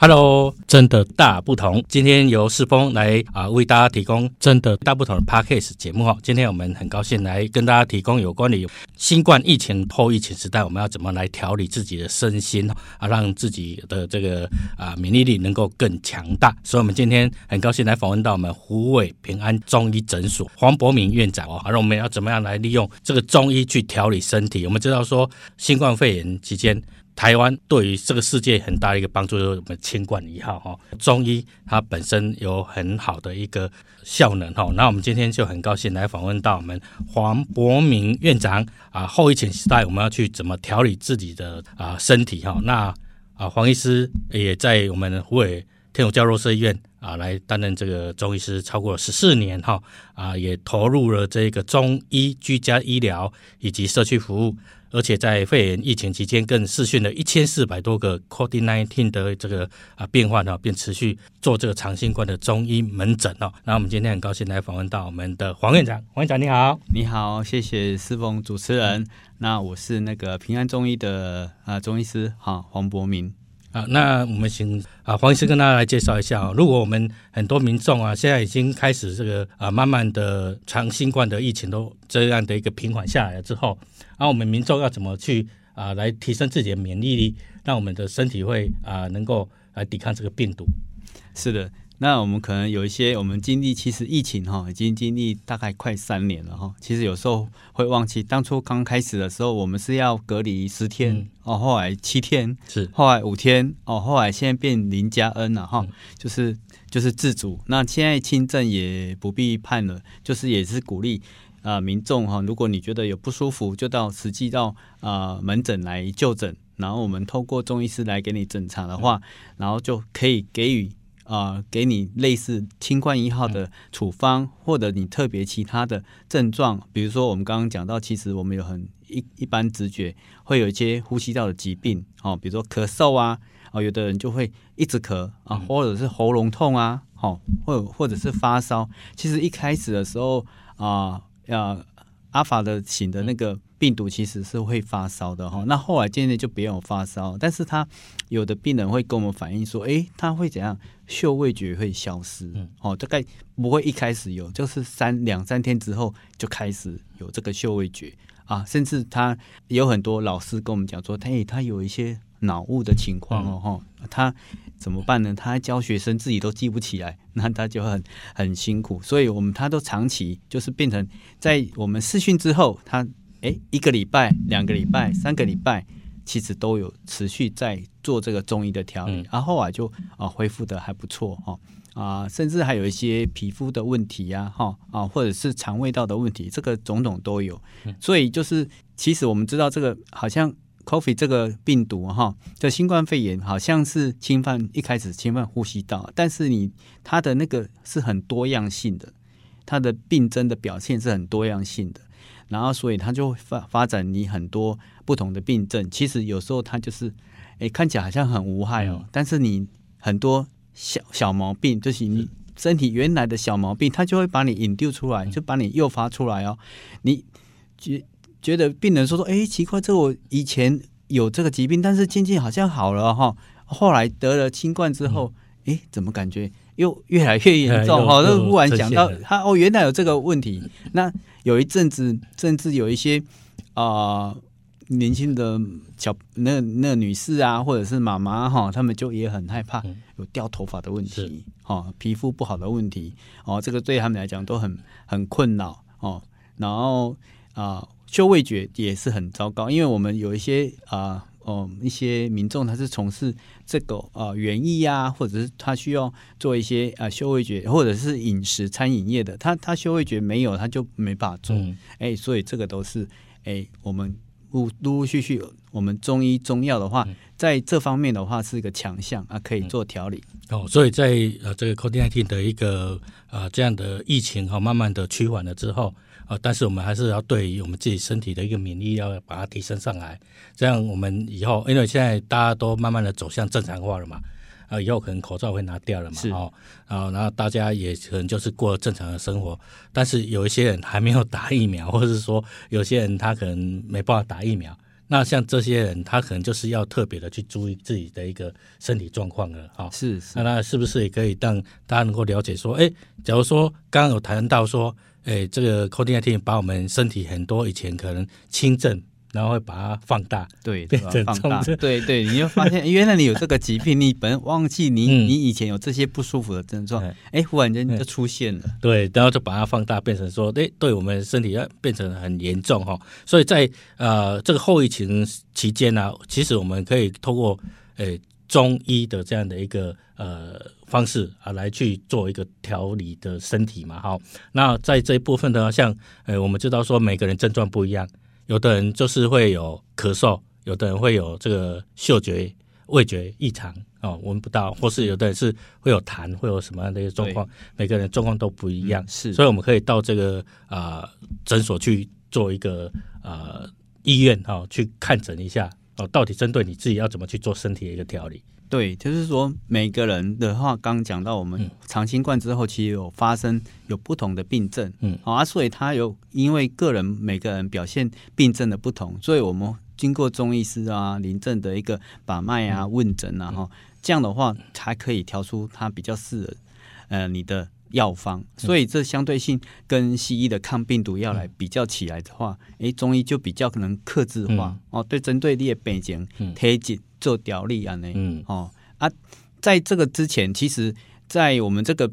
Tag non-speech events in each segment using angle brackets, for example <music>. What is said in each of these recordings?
哈嘍，真的大不同。今天由世峰來啊為大家提供真的大不同的 Podcast 節目。今天我們很高興來跟大家提供有關於新冠疫情後疫情時代，我們要怎麼來調理自己的身心啊，讓自己的這個啊免疫力能夠更強大。所以，我們今天很高興來訪問到我們虎尾平安中醫診所黃柏銘院長哦。啊，我們要怎麼樣來利用這個中醫去調理身體？我們知道說新冠肺炎期間。台灣對於這個世界很大的一個幫助，就是我們千貫一好哈，中醫它本身有很好的一個效能哈、哦。那我們今天就很高興來訪問到我們黃柏銘院長啊，後疫情時代我們要去怎麼調理自己的啊身體哈、哦。那啊，黃醫師也在我們虎尾天主教若瑟醫院啊來擔任這個中醫師超過十四年哈、哦、啊，也投入了這個中醫居家醫療以及社區服務。而且在肺炎疫情期間，更視訊了一千四百多個 COVID nineteen 的這個啊變化呢，並持續做這個長新冠的中醫門診哦。那我們今天很高興來訪問到我們的黃院長，黃院長你好。你好，謝謝世峰主持人、嗯。那我是那個平安中醫的、呃、啊中醫師哈，黃柏銘。那我們請啊黃醫生跟大家來介紹一下啊、哦，如果我們很多民眾啊，現在已經開始這個啊，慢慢的長新冠的疫情都這樣的一個平緩下來了之後，啊，我們民眾要怎麼去啊來提升自己的免疫力，讓我們的身體會啊能夠來抵抗這個病毒？是的。那我們可能有一些我們經歷，其實疫情哈已經經歷大概快三年了哈。其實有時候會忘記當初剛開始的時候，我們是要隔離十天、嗯、哦，後來七天是，後來五天哦，後來現在變林加 N 了哈，嗯、就是就是自主。那現在輕症也不必判了，就是也是鼓勵啊、呃、民眾哈，如果你覺得有不舒服，就到實際到啊、呃、門診來就診，然後我們透過中醫師來給你診查的話，嗯、然後就可以給予。啊、呃，給你類似清冠一號的處方，嗯，或者你特別其他的症狀，比如說我們剛剛講到，其實我們有很一一般直覺，會有一些呼吸道的疾病，哦，比如說咳嗽啊，呃、有的人就會一直咳啊，或者是喉嚨痛啊，哦，或者或者是發燒，其實一開始的時候啊，呃啊，阿法的醒的那個。病毒其實是會發燒的哈、嗯，那後來漸漸就沒有發燒，但是他有的病人會跟我們反映說，哎，他會怎樣，嗅味覺會消失，嗯、哦，大概不會一開始有，就是三兩三天之後就開始有這個嗅味覺啊，甚至他有很多老師跟我們講說，哎，他有一些腦霧的情況、嗯、哦，他怎麼辦呢？他教學生自己都記不起來，那他就很很辛苦，所以我們他都長期就是變成在我們視訊之後他誒一個禮拜、兩個禮拜、三個禮拜，其實都有持續在做這個中醫的調理，然、嗯啊、後就啊就啊恢復的還不錯哦啊，甚至還有一些皮膚的問題呀、啊、哈啊，或者是腸胃道的問題，這個種種都有、嗯。所以就是，其實我們知道這個好像 COVID 這個病毒哈，這、啊、新冠肺炎好像是侵犯一開始侵犯呼吸道，但是你它的那個是很多樣性的，它的病症的表現是很多樣性的。然後，所以它就會發發展你很多不同的病症。其實有時候它就是，哎，看起來好像很無害哦，嗯、但是你很多小小毛病，就是你身體原來的小毛病，嗯、它就會把你引丟出來，就把你誘發出來哦。你覺覺得病人說說，哎，奇怪，這我以前有這個疾病，但是漸漸好像好了哈、哦，後來得了新冠之後，哎、嗯，怎麼感覺？又越來越嚴重。好，那忽然想到他哦，原來有這個問題。那有一陣子，甚至有一些啊、呃，年輕的小那那女士啊，或者是媽媽哈，他、哦、們就也很害怕有掉頭髮的問題，哈、嗯哦，皮膚不好的問題，哦，這個對他們來講都很很困擾哦。然後啊，嗅、呃、味覺也是很糟糕，因為我們有一些啊。呃哦，一些民眾他是從事這個、呃、原啊園藝呀，或者是他需要做一些啊、呃、嗅味覺，或者是飲食餐飲業的，他他嗅味覺沒有，他就沒辦法做。哎、嗯欸，所以這個都是哎、欸、我們。陸陸陸續續，我們中醫中藥的話，在這方面的話是一個強項啊，可以做調理、嗯、哦。所以在呃這個 COVID-19 的一個呃這樣的疫情哈、哦，慢慢的趨緩了之後啊、呃，但是我們還是要對於我們自己身體的一個免疫要把它提升上來，這樣我們以後因為現在大家都慢慢的走向正常化了嘛。啊，以後可能口罩會拿掉了嘛？哦，啊，然後大家也可能就是過正常的生活，但是有一些人還沒有打疫苗，或者是說有些人他可能沒辦法打疫苗，那像這些人，他可能就是要特別的去注意自己的一個身體狀況了，哈、哦。是是，那那是不是也可以讓大家能夠了解說，哎，假如說剛剛有談到說，哎，這個 COVID-19 把我們身體很多以前可能輕症。然後會把它放大，對，變成放大， <laughs> 對對，你會發現原來你有這個疾病， <laughs> 你本忘記你你以前有這些不舒服的症狀，哎、嗯，忽然間就出現了，對，然後就把它放大，變成說，哎，對我們身體要變成很嚴重哈。所以在呃這個後疫情期間呢、啊，其實我們可以透過誒中醫的這樣的一個呃方式啊，來去做一個調理的身體嘛。好，那在這一部分的話，像誒我們知道說每個人症狀不一樣。有的人就是會有咳嗽，有的人會有這個嗅覺、味覺異常哦，聞不到，或是有的人是會有痰，會有什麼樣的一個狀況？每個人狀況都不一樣，嗯、是，所以我們可以到這個啊、呃、診所去做一個啊、呃、醫院哦去看診一下哦，到底針對你自己要怎麼去做身體的一個調理。對，就是說每個人的話，剛講到我們長新冠之後，其實有發生有不同的病症，嗯，好啊，所以他有因為個人每個人表現病症的不同，所以我們經過中醫師啊臨證的一個把脈啊問診啊，哈、嗯，這樣的話才可以調出他比較適合呃你的藥方。所以這相對性跟西醫的抗病毒藥來比較起來的話，哎、嗯，中醫就比較可能客製化、嗯、哦，對，針對你的背景做調理啊，嗯，哦啊，在這個之前，其實，在我們這個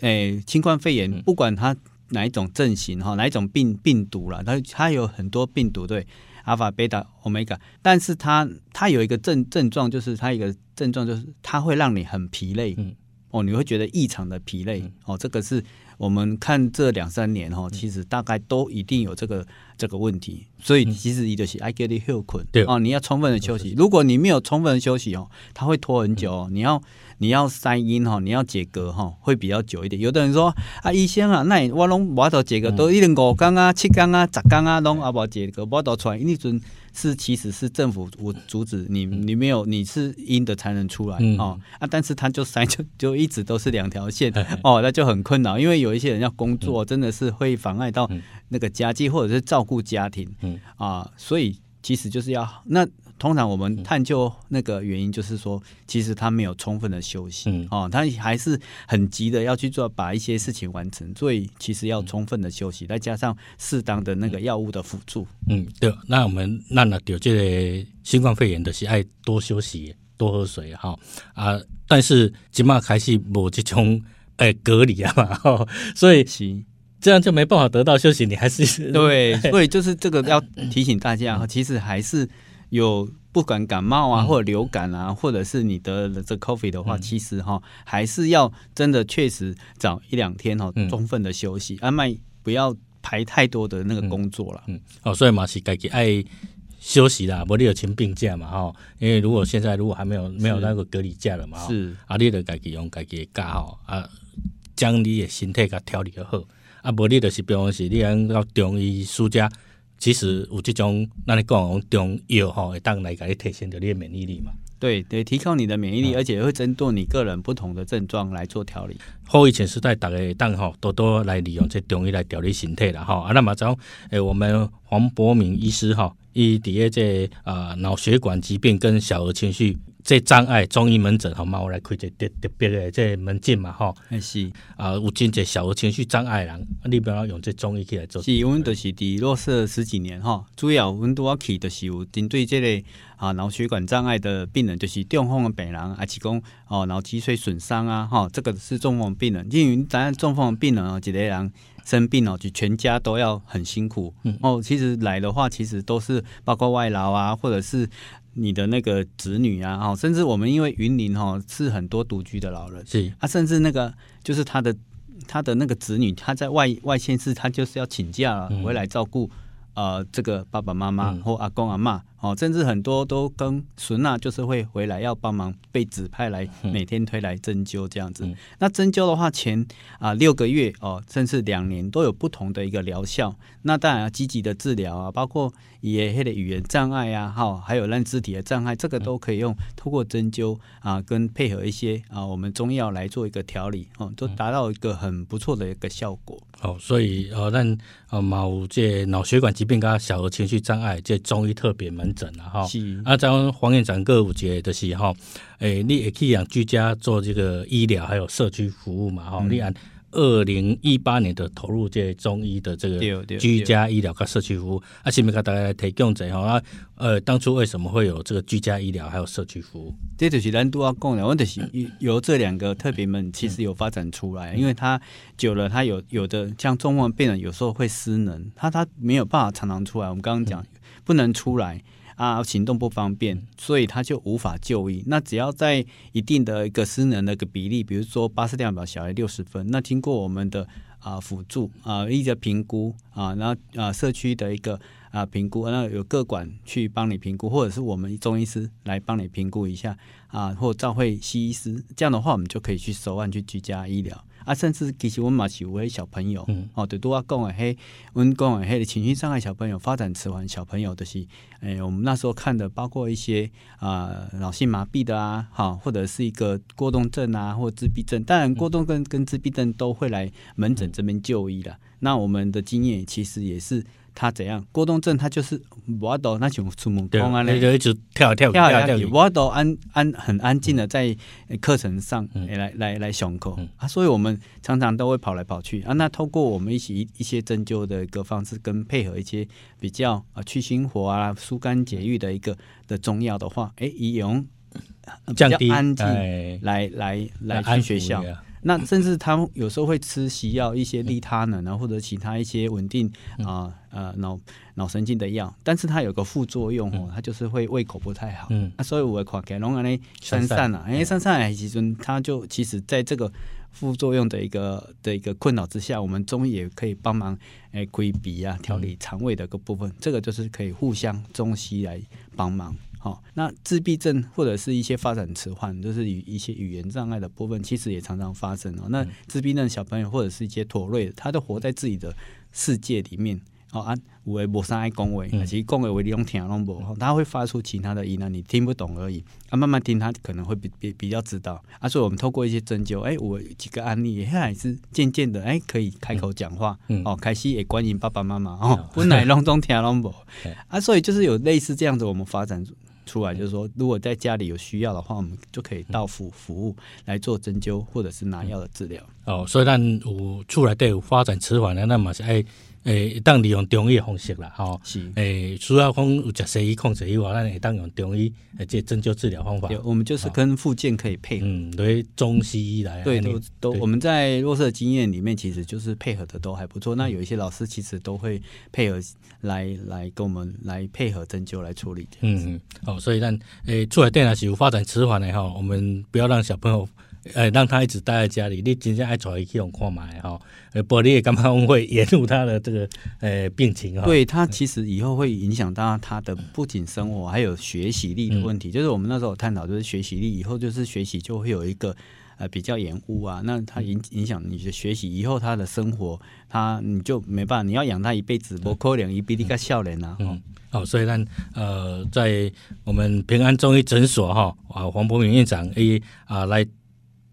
哎、欸、新冠肺炎、嗯、不管它哪一種症型哈、哦，哪一種病病毒啦，它它有很多病毒對，Alpha、Beta、Omega，但是它它有一個症症狀，就是它一個症狀就是它會讓你很疲累，嗯、哦，你會覺得異常的疲累、嗯，哦，這個是我們看這兩三年哈、哦，其實大概都一定有這個。這個問題，所以其實一個是 I get the 困，哦，你要充分的休息。如果你沒有充分的休息哦，他會拖很久哦、嗯。你要你要塞音哈，你要解隔哈，會比較久一點。有的人說啊，醫生啊，那我攏無得解隔都一點五缸啊、嗯、七缸啊、十缸啊攏阿無解隔，無得出來。你准是其實是政府我阻止你，你沒有你是陰的才能出來啊、哦嗯、啊！但是他就塞就就一直都是兩條線、嗯、哦，那就很困擾。因為有一些人要工作，嗯、真的是會妨礙到。嗯那個家計或者是照顧家庭，嗯啊、呃，所以其實就是要那通常我們探究那個原因，就是說、嗯、其實他沒有充分的休息，嗯啊、哦，他還是很急的要去做把一些事情完成，所以其實要充分的休息，嗯、再加上適當的那個藥物的輔助。嗯，對，那我們那那對這個新冠肺炎的是愛多休息、多喝水哈啊、呃，但是即馬還是無這種誒、欸、隔離啊嘛，所以這樣就沒辦法得到休息，你還是對，所以就是這個要提醒大家哈、嗯，其實還是有不管感冒啊，嗯、或者流感啊、嗯，或者是你得了這 COVID 的話，嗯、其實哈還是要真的確實早一兩天哈，充分的休息，安、嗯、排、啊、不要排太多的那個工作了、嗯。嗯，哦，所以嘛是自己愛休息啦，無你有請病假嘛哈、哦，因為如果現在如果還沒有沒有那個隔離假了嘛，是啊，你得自己用自己搞好啊，將你的身體給調理的好。啊，無你著是，比方說，你按到中醫世家，其實有即種，那你講中藥吼，會當來甲你提升到你的免疫力嘛？對對，提高你的免疫力，嗯、而且會針對你個人不同的症狀來做調理。後疫情時代，逐個會當吼，多多來利用這中醫來調理身體啦吼。啊，那麼走，誒、欸，我們黃柏銘醫師吼，伊底下這個、啊腦血管疾病跟小兒情緒這障礙中醫門診好嘛？我來開一個特特別的這門診嘛，吼、哦。還是啊、呃，有真這小的情緒障礙的人，你不要用這中醫起來做。是，因為就是佇落實十幾年哈、哦，主要我們多去的是有針對這類、個、啊腦血管障礙的病人，就是中風的病人，還是講哦腦脊髓損傷啊，哈、哦，這個是中風病人。因為咱中風病人哦，一個人生病哦，就全家都要很辛苦、嗯。哦，其實來的話，其實都是包括外勞啊，或者是。你的那個子女啊，哦，甚至我們因為雲林哦是很多獨居的老人，是啊，甚至那個就是他的他的那個子女，他在外外縣市，他就是要請假了、嗯、回來照顧呃，這個爸爸媽媽或、嗯、阿公阿嬤。哦，甚至很多都跟孫娜就是會回來要幫忙，被指派來、嗯、每天推來針灸這樣子。嗯、那針灸的話前，前、呃、啊六個月哦、呃，甚至兩年都有不同的一個療效。那當然要積極的治療啊，包括也他的語言障礙啊，哈，還有讓肢體的障礙，這個都可以用透過針灸啊、呃，跟配合一些啊、呃、我們中藥來做一個調理，哦、呃，都達到一個很不錯的一個效果。哦，所以哦讓啊某這腦血管疾病跟小兒情緒障礙這個、中醫特別門。整了哈，啊，咱黃院長歌舞節的時候，誒、欸，你也可以養居家做這個醫療，還有社區服務嘛哈、嗯。你按二零一八年的投入，這中醫的這個居家醫療和社區服務，啊，是不是給大家來提供者哈。啊，呃，當初為什麼會有這個居家醫療還有社區服務？這就是難度要共的，或者是由這兩個特別們其實有發展出來，嗯、因為他久了，他有有的像中風病人有時候會失能，他他沒有辦法常常出來。我們剛剛講不能出來。啊，行動不方便，所以他就無法就醫。那只要在一定的一個失能的一個比例，比如說巴氏量表小於六十分，那經過我們的啊、呃、輔助啊、呃，一個評估啊，然後啊、呃、社區的一個啊、呃、評估，那有個管去幫你評估，或者是我們中醫師來幫你評估一下啊，或照會西醫師，這樣的話我們就可以去手腕去居家醫療。啊，甚至其實我們嘛是有些小朋友，嗯、哦，對，都我講的嘿，我們講的嘿的情緒障礙小朋友、發展遲緩小朋友，就是哎，我們那時候看的，包括一些啊腦、呃、性麻痹的啊，好，或者是一個過動症啊，或自閉症，當然過動症跟、嗯、跟自閉症都會來門診這邊就醫的。嗯、那我們的經驗其實也是。他怎樣？過動症他就是不抖，那叫孫悟對就一直跳、啊、跳、啊、跳、啊，不抖、啊啊、安安很安靜的在課程上、嗯、來來來上課、嗯嗯、啊，所以我們常常都會跑來跑去啊。那透過我們一起一,一些針灸的一個方式跟配合一些比較啊去心火啊、疏肝、啊、解鬱的一個的中藥的話，欸啊、哎，以用降低來來來去學校。哎那甚至他有時候會吃西藥一些利他能、嗯，然後或者其他一些穩定啊、嗯、呃、呃腦腦神經的藥，但是他有個副作用哦，他、嗯、就是會胃口不太好，嗯啊、所以我會看解。然後呢，杉杉啊，因為杉杉來其實它就其實在這個副作用的一個的一個困擾之下，我們中醫也可以幫忙誒規避啊，調理腸胃的各部分、嗯，這個就是可以互相中西來幫忙。哦，那自閉症或者是一些發展遲緩，就是一些語言障礙的部分，其實也常常發生哦。那自閉症的小朋友或者是一些妥瑞的，他都活在自己的世界裡面哦啊，我也不啥愛講話，其實講話為用聽攏不，他、嗯嗯嗯、會發出其他的疑難，你聽不懂而已啊。慢慢聽他可能會比比比較知道啊，所以我們透過一些針灸，哎、欸，我有幾個案例也是漸漸的哎、欸、可以開口講話、嗯，哦，開始也關心爸爸媽媽哦，嗯哦嗯、不奶攏中聽攏不啊，所以就是有類似這樣子我們發展。出來就是說，如果在家裡有需要的話，我們就可以到服服務來做針灸或者是拿藥的治療。嗯。哦，雖然我出來對我發展遲緩了，那麼是哎。誒、欸，當利用中醫的方式啦，吼、喔，誒，除了講有食西醫控制以外，那也當用中醫，誒，這針灸治療方法。有，我們就是跟福建可以配合，嗯，對、就是，中西醫來、嗯，對，都對都，我們在弱勢經驗裡面，其實就是配合的都還不錯、嗯。那有一些老師其實都會配合來來跟我們來配合針灸來處理嗯嗯，好、嗯喔，所以讓誒，出來電牙是有發展遲緩的哈、嗯，我們不要讓小朋友。呃、哎，讓他一直待在家裡，你真正愛找一些什麼購買呃，玻璃也剛剛會延誤他，他的這個呃、欸、病情啊，喔。對他其實以後會影響到他的不僅生活，還有學習力的問題，嗯。就是我們那時候探討，就是學習力以後就是學習就會有一個呃比較延誤啊，那他影影響你的學習以後他的生活，他你就沒辦法，你要養他一輩子，不哭臉，啊，一比涕個笑臉哦，所以呢，呃在我們平安中醫診所哈，喔，啊，黃柏銘院長 A 啊來。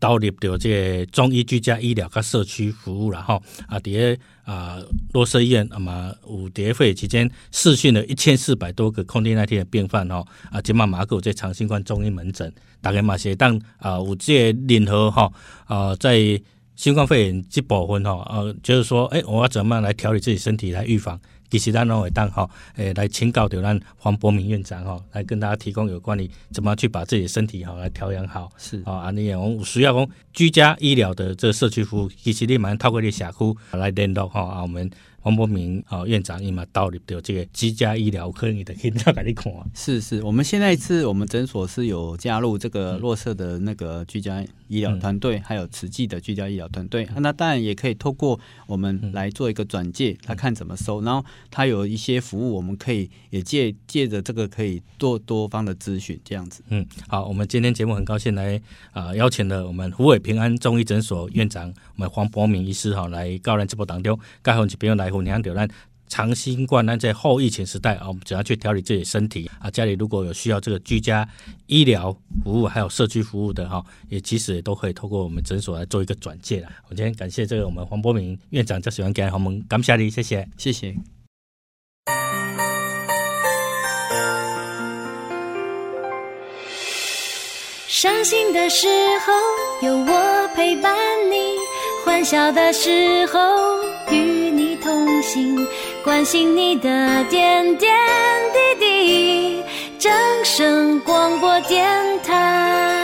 導入到這個中醫居家醫療和社區服務，然後啊，底下啊，若瑟醫院，那麼有迭會期間視訊了一千四百多個空地那天的病患吼，啊，今嘛馬古在長新冠中醫門診大概嘛是，會當啊，有這任何吼，啊，在。新冠肺炎這部分吼，呃，就是說，欸，我要怎麼樣來調理自己身體來預防？其實咱攏會當吼，誒，來請教咱黃柏銘院長吼，來跟大家提供有關的怎麼去把自己的身體好來調養好。是啊，我們有需要講居家醫療的這個社區服務，其實你馬上透過你社區來聯絡吼啊，我們。黃柏銘啊、哦，院長，你嘛到裡邊這個居家醫療科，你的可以照家你看啊。是是，我們現在是我們診所是有加入這個洛舍的那個居家醫療團隊，還有慈濟的居家醫療團隊。那當然也可以透過我們來做一個轉介，他、嗯、看怎麼收。然後他有一些服務，我們可以也借借着這個可以做多，多方的諮詢，這樣子。嗯，好，我們今天節目很高興來啊、呃、邀請了我們虎尾平安中醫診所院長，我們黃柏銘醫師哈、哦、來告人直播當中，剛好有幾位來。我，我們怎樣長新冠，那在後疫情時代啊，我們怎樣去調理自己身體啊？家裡如果有需要這個居家醫療服務，還有社區服務的哈，也其實也都可以透過我們診所來做一個轉介的。我今天感謝這個我們黃柏銘院長，最喜歡跟我們感謝你，謝謝，謝謝。傷心的時候有我陪伴你，歡笑的時候。關心你的點點滴滴，正聲廣播電台。